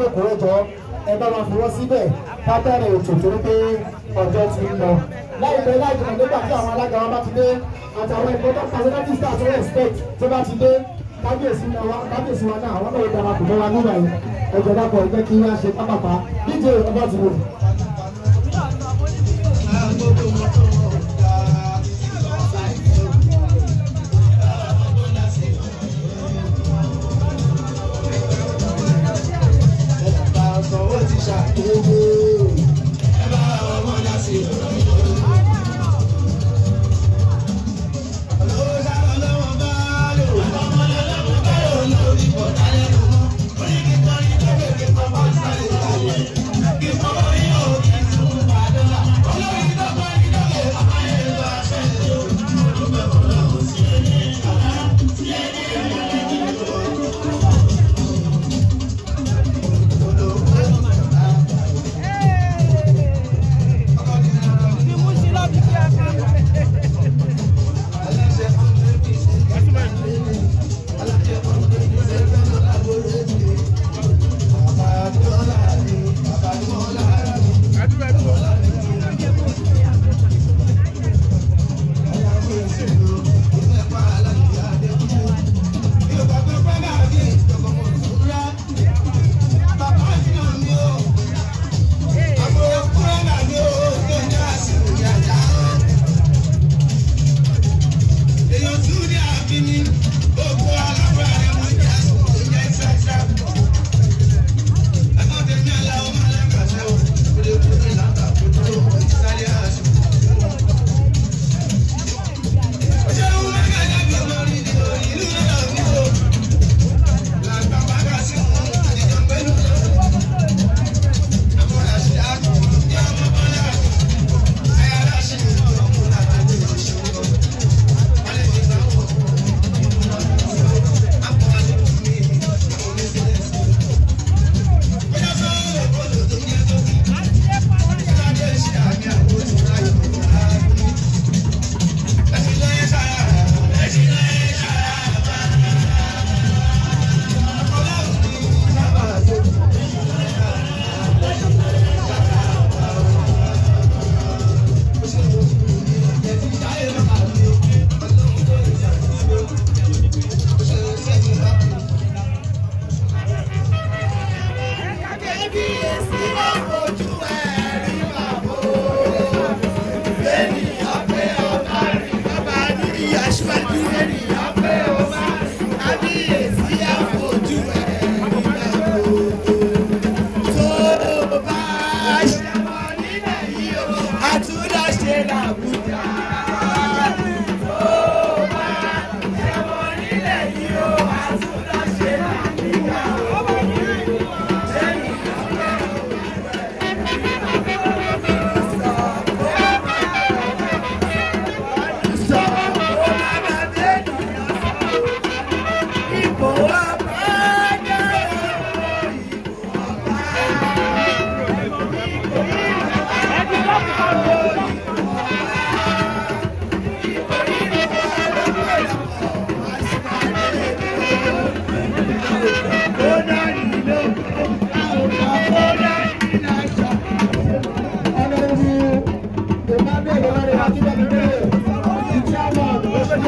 jókòó ẹjọ́ ẹ bá máa fi wọ́n síbẹ̀ ká bẹ̀rẹ̀ ètò torí pé ọjọ́ ti ń lọ. láìpẹ́ láìpẹ́ nígbà tí àwọn alága wọn bá ti dé àtàwọn ẹgbẹ́ tó pàṣẹ láti ṣe àtúnwò expect tó bá ti dé kábíyèsí wa kábíyèsí wa náà àwọn náà ó darapọ̀ mọ́ wa nígbà yẹn ẹjọ́ dàpọ̀ ẹgbẹ́ kí wọ́n á ṣe pápápá díje ọba ti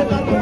Thank you.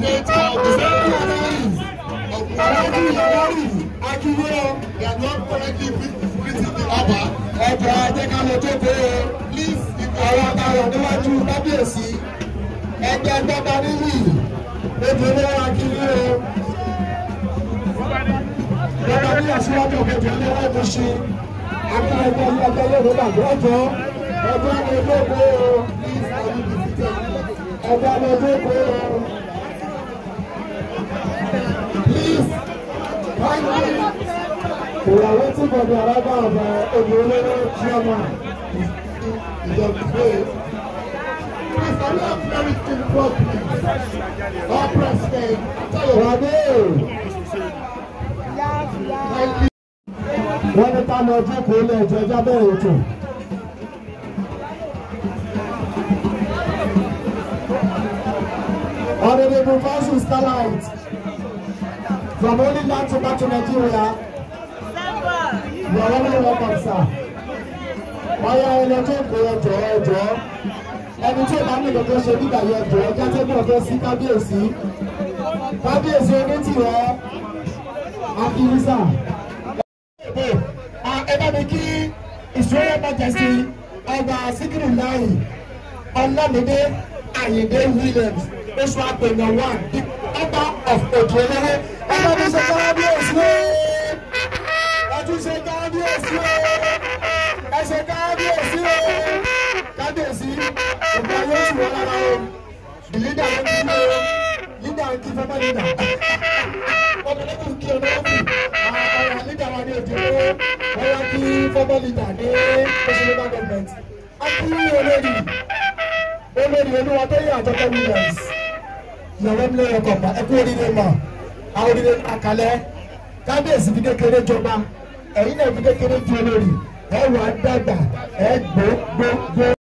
appreciate our disciples of Alhaji Yawaru Akinwere. They are not correctly greeting the Baba. Ọjọ́ Ajẹ́kálẹ̀ tó dé o. Please, ìgbà àwọn akárọ̀ níwájú Kábíyèsí. Ẹgbẹ́ Gbọ́dá níyì. Obìnrin Akinwere. Gbọ́dá ní àṣíwájú òkèjì ní ọdún ṣe. Akọ́lẹ̀ ẹgbẹ́ ilé ẹgbẹ́ lóru bàbá ọjọ́. Ọjọ́ ni olóògbé o. Please, I will be seated. Ọjọ́ ni olóògbé o. Please We are waiting for the arrival of uh, Obiolele chairman of the day. Please can you have very still properly? Our president, Tayọ̀. Wọ́n ní ká lọ jókòó ilé ẹ̀jẹ̀ ẹja bẹ̀rẹ̀ ètò. Honourable Fasun Starlight. From Holyland to back to Nigeria. You are only welcome, sir. Ọya ẹlẹ́jọ́ ìpè ẹjọ́ ẹjọ́ ẹni tí ìbámu ìdọ̀tọ̀ ṣe nígbà yẹ ẹjọ́ ẹjọ́ tẹ́lẹ̀ ọ̀dọ́ sí kábíyèsí kábíyèsí onítìrẹ akínísà. Ẹ bá mi kí ìṣòro majesty ọba Síkírù láì Ọlámídé Àyìndé Williams oṣù àpènà one ọba of Òdìẹlẹ́rẹ́ ẹ̀ka tó ṣe káábíyèsí o ẹ̀tún ṣe káábíyèsí o ẹ̀ṣẹ̀ káábíyèsí o kábíyèsí ìgbà yóò ṣù wọ́n lára o dìlídà ló ń kí o lídà ń kí fọ́mọ́ lídà ọmọlẹ́kùn kí ọmọ ọ̀fìn àwọn lídà wa ní òde o wọ́n wá kí fọ́mọ́ lídà ní òṣèlú gọ́ọ̀mẹ̀ntì akúrú olórí olórí olúwa tó yẹ àtọ́kọ́ millions ìyàwó mi lè rẹ̀ kọ̀ọ̀pá ẹ kú oríire mọ́ àwọn òdìdẹ àkàlẹ́ kábíyèsí fi kékeré jọba ẹ̀yin náà fi kékeré di olórí ẹ̀ wà dàgbà ẹ̀ gbó gbó gbó.